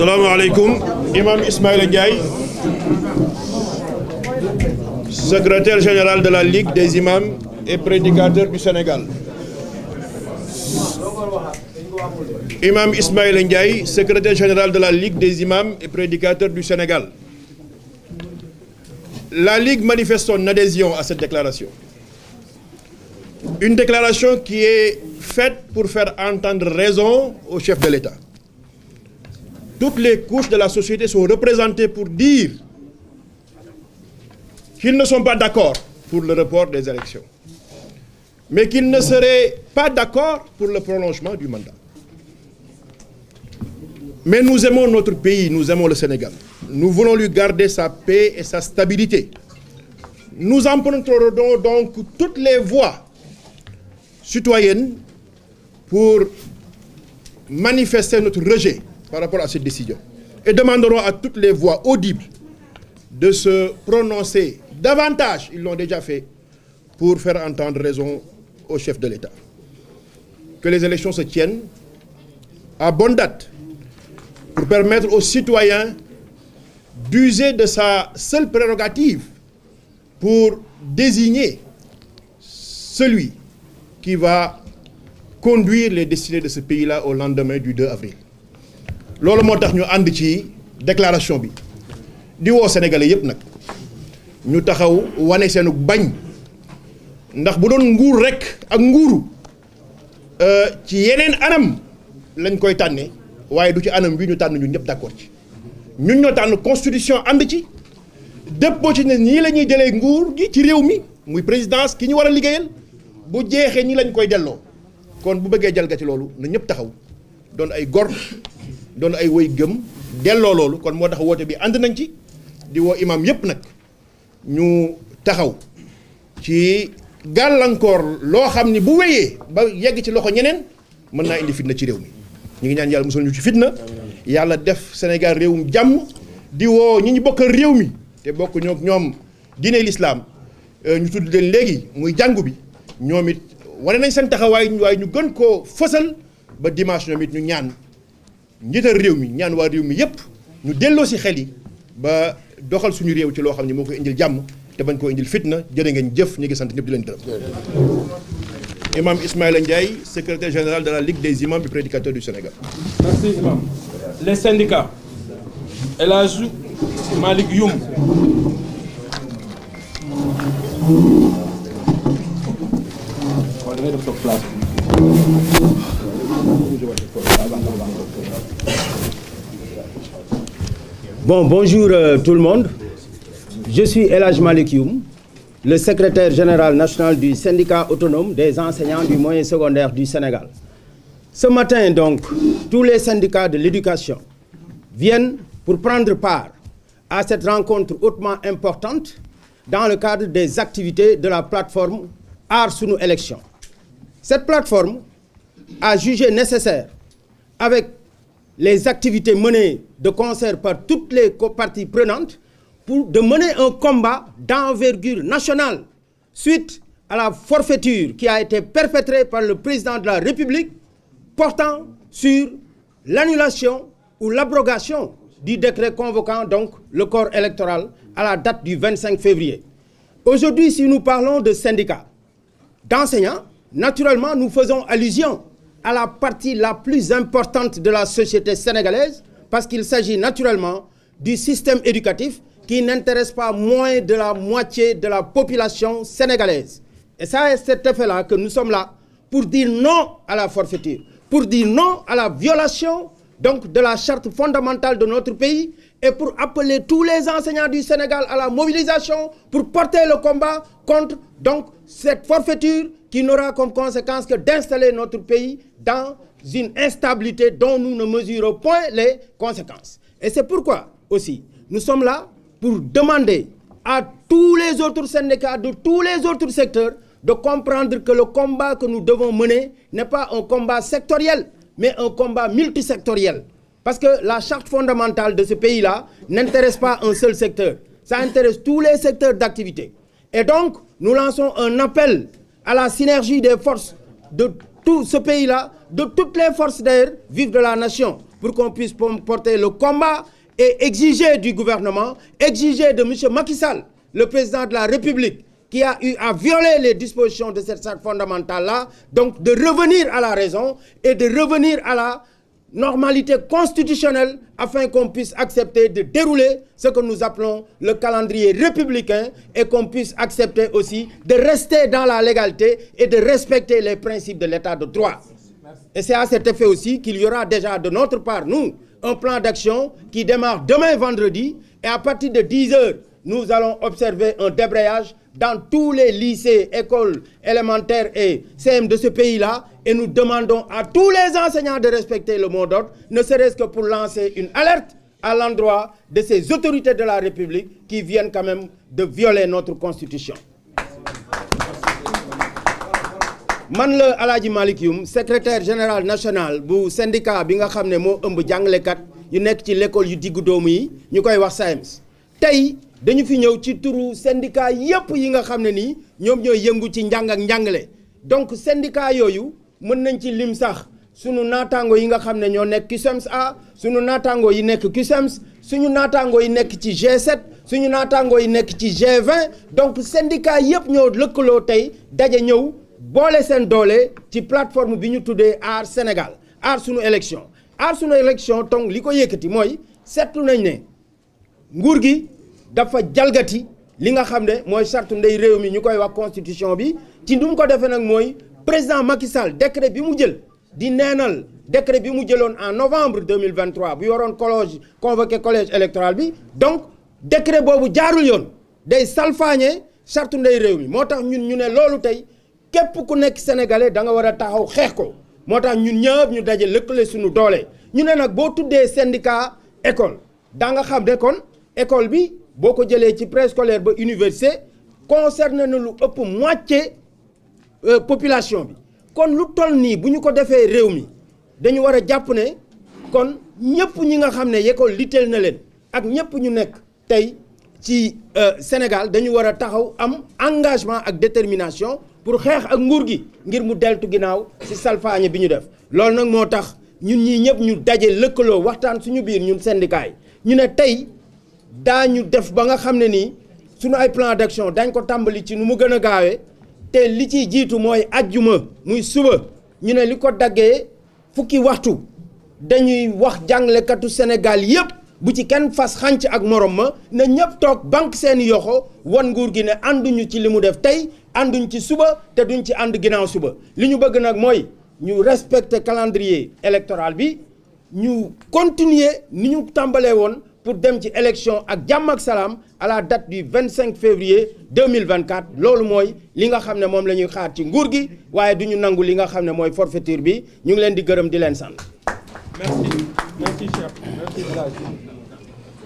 salaamaaleykum imam Ismaïla Ndiaye secrétaire général de la Ligue des imams et prédicateurs du Sénégal imam Ismaïla Ndiaye secrétaire général de la Ligue des imams et prédicateurs du Sénégal la Ligue manifeste son adhésion à cette déclaration une déclaration qui est faite pour faire entendre raison au chef de l'État toutes les couches de la société sont représentées pour dire qu'ils ne sont pas d'accord pour le report des élections, mais qu'ils ne seraient pas d'accord pour le prolongement du mandat. Mais nous aimons notre pays, nous aimons le Sénégal. Nous voulons lui garder sa paix et sa stabilité. Nous emprunterons donc toutes les voies citoyennes pour manifester notre rejet par rapport à cette décision et demanderons à toutes les voix audibles de se prononcer davantage, ils l'ont déjà fait, pour faire entendre raison au chef de l'État. Que les élections se tiennent à bonne date pour permettre aux citoyens d'user de sa seule prérogative pour désigner celui qui va conduire les destinées de ce pays-là au lendemain du 2 avril. loolu moo tax ñu ànd ci déclaration bi diwoo woo sénégalais yëpp nag ñu taxaw wane seenu bañ ndax bu doon nguur rek ak nguuru euh, ci yeneen anam lañ koy tànnee waaye du ci anam bii ñu tànn ñun ñëpp d'accord ci ñun ñoo tànn constitution ànd ci dëppoo ci ne nii la ñuy jëlee nguur gi ci réew mi muy présidence ki ñu war a liggéeyal bu jeexee ñi lañ koy delloo kon bu bëggee jalgati loolu na ñëpp taxaw doon ay gor doon ay woy gëm delloo loolu kon moo tax woote bi ànd nañ ci di woo imaam yépp nag ñu taxaw ci gàllankoor loo xam ni bu wéyee ba yegg ci loxo ñeneen mën naa indi fitna ci réew mi ñu ngi ñaan yàlla musul ñu ci fitna yàlla def Sénégal réewum jàmm di woo ñi ñu bokkal réew mi te bokk ñoom diine lislaam euh, ñu tudd leen léegi muy jàngu bi ñoom it wane nañ seen taxawaay waaye ñu gën koo fësal ba dimanche ñoom it ñu ñaan njiital réew mi ñaan waa réew mi yépp ñu delloo si xel yi ba doxal suñu réew ci loo xam ne moo koy indi jàmm te bañ koo indil fitna jërë ngeen jëf ñu ngi sant ñëpp di leen gërëm. imam Ismaïla Ndiaye secrétaire général de la Ligue des imams et prédicateurs du Sénégal. merci imam. les syndicats. El Bon, bonjour euh, tout le monde. Je suis Elaj Malikioum, le secrétaire général national du syndicat autonome des enseignants du moyen secondaire du Sénégal. Ce matin donc, tous les syndicats de l'éducation viennent pour prendre part à cette rencontre hautement importante dans le cadre des activités de la plateforme Aar Sunu Élection. Cette plateforme a jugé nécessaire, avec les activités menées de concert par toutes les parties prenantes pour de mener un combat d'envergure nationale suite à la forfaiture qui a été par le président de la République portant sur l'annulation ou l'abrogation du décret convoquant donc le corps électoral à la date du 25 février. Aujourd'hui, si nous parlons de syndicats d'enseignants, naturellement, nous faisons allusion à la partie la plus importante de la société sénégalaise, parce qu'il s'agit naturellement du système éducatif qui n'intéresse pas moins de la moitié de la population sénégalaise. Et ça, c'est cet effet-là que nous sommes là pour dire non à la forfaiture, pour dire non à la violation donc de la charte fondamentale de notre pays et pour appeler tous les enseignants du Sénégal à la mobilisation pour porter le combat contre donc cette forfaiture qui n'aura comme conséquence que d'installer notre pays dans une instabilité dont nous ne mesurons point les conséquences. Et c'est pourquoi aussi nous sommes là pour demander à tous les autres syndicats de tous les autres secteurs de comprendre que le combat que nous devons mener n'est pas un combat sectoriel, mais un combat multisectoriel. Parce que la charte fondamentale de ce pays-là n'intéresse pas un seul secteur. Ça intéresse tous les secteurs d'activité. Et donc, nous lançons un appel à la synergie des forces de tout ce pays-là, de toutes les forces d'air vives de la nation, pour qu'on puisse porter le combat et exiger du gouvernement, exiger de M. Macky le président de la République, qui a eu à violer les dispositions de cette charte fondamentale-là, donc de revenir à la raison et de revenir à la normalité constitutionnelle afin qu'on puisse accepter de dérouler ce que nous appelons le calendrier républicain et qu'on puisse accepter aussi de rester dans la légalité et de respecter les principes de l'état de droit. Et c'est à cet effet aussi qu'il y aura déjà de notre part, nous, un plan d'action qui démarre demain vendredi et à partir de 10 heures nous allons observer un débrayage dans tous les lycées, écoles élémentaires et CM de ce pays-là et nous demandons à tous les enseignants de respecter le mot d'ordre, ne serait-ce que pour lancer une alerte à l'endroit de ces autorités de la République qui viennent quand même de violer notre constitution. man la Alaaji Malick Youm secrétaire général national bu syndicat bi nga xam ne moo ëmb jàngalekat yu nekk ci l'école yu diggu doomu yi ñu koy wax SAEMS e tey dañu fi ñëw ci turu syndicat yépp yi nga xam ne nii ñoom ñooy yëngu ci njàng ak njàngale donc syndicat yooyu mën nañ ci lim sax sunu naataango yi nga xam ne ñoo nekk CUSEMS e A sunu naataango yi nekk CUSEMS e suñu naataango yi nekk ci G7 suñu naataango yi nekk ci G20 donc syndicat yépp ñoo lëkkaloo tey daje ñëw boole seen doole ci plateforme bi ñu tuddee Aar Sénégal aar sunu élection aar sunu élection tong li ko yëkkati mooy seetlu nañ ne nguur gi dafa jalgati li nga xam ne mooy charte ndey réew mi ñu koy wax constitution bi ci nu mu ko defee nag mooy président Macky Sall décret bi mu jël di neenal décret bi mu jëloon en novembre 2023 bu yoroon collège convoqué collège électoral bi donc décret boobu jaarul yoon day salfaañe charte ndey réew mi moo tax ñun ñu ne loolu tey képp ku nekk sénégalais da nga war a taxaw xeex ko moo tax ñun ñëpp ñu daje lëkkale suñu doole ñu ne nag boo tuddee syndicat école da nga xam ne école bi. boo ko jëlee ci préscolaire ba université concerné na lu ëpp moitié euh, population bi kon lu toll nii bu ñu ko defee réew mi dañu war a jàpp ne kon ñëpp ñi nga xam ne école litteel na leen ak ñëpp ñu nekk tey ci euh, Sénégal dañu war a taxaw am engagement ak détermination pour xeex ak nguur gi ngir mu deltu ginnaaw ci salfaañe bi ñu def loolu nag moo tax ñun ñii ñëpp ñu daje lëkkaloo waxtaan suñu biir ñun syndicat yi ñu ne tey daañu def ba nga xam ne nii suñu ay plan action dañ ko tàmbali ci nu mu gën a gaawee te li ciy jiitu mooy ajjuma muy suba ñu ne li ko daggee fukki waxtu dañuy wax jàngalekatu Sénégal yépp bu ci kenn fas xànc ak morom ma na ñëpp toog banque seeni yoxo wan nguur gi ne ànduñu ci li mu def tey ànduñ ci suba te duñ ci ànd ginnaaw suba li ñu bëgg nag mooy ñu respecter calendrier électoral bi ñu continuer ni ñu tàmbalee woon pour dem ci élection ak jàmm ak salaam à la date du 25 février 2024 loolu mooy li nga xam ne moom la ñuy xaar ci nguur gi waaye du ñu nangu li nga xam ne mooy forfaiture bi ñu ngi leen di gërëm di leen sant.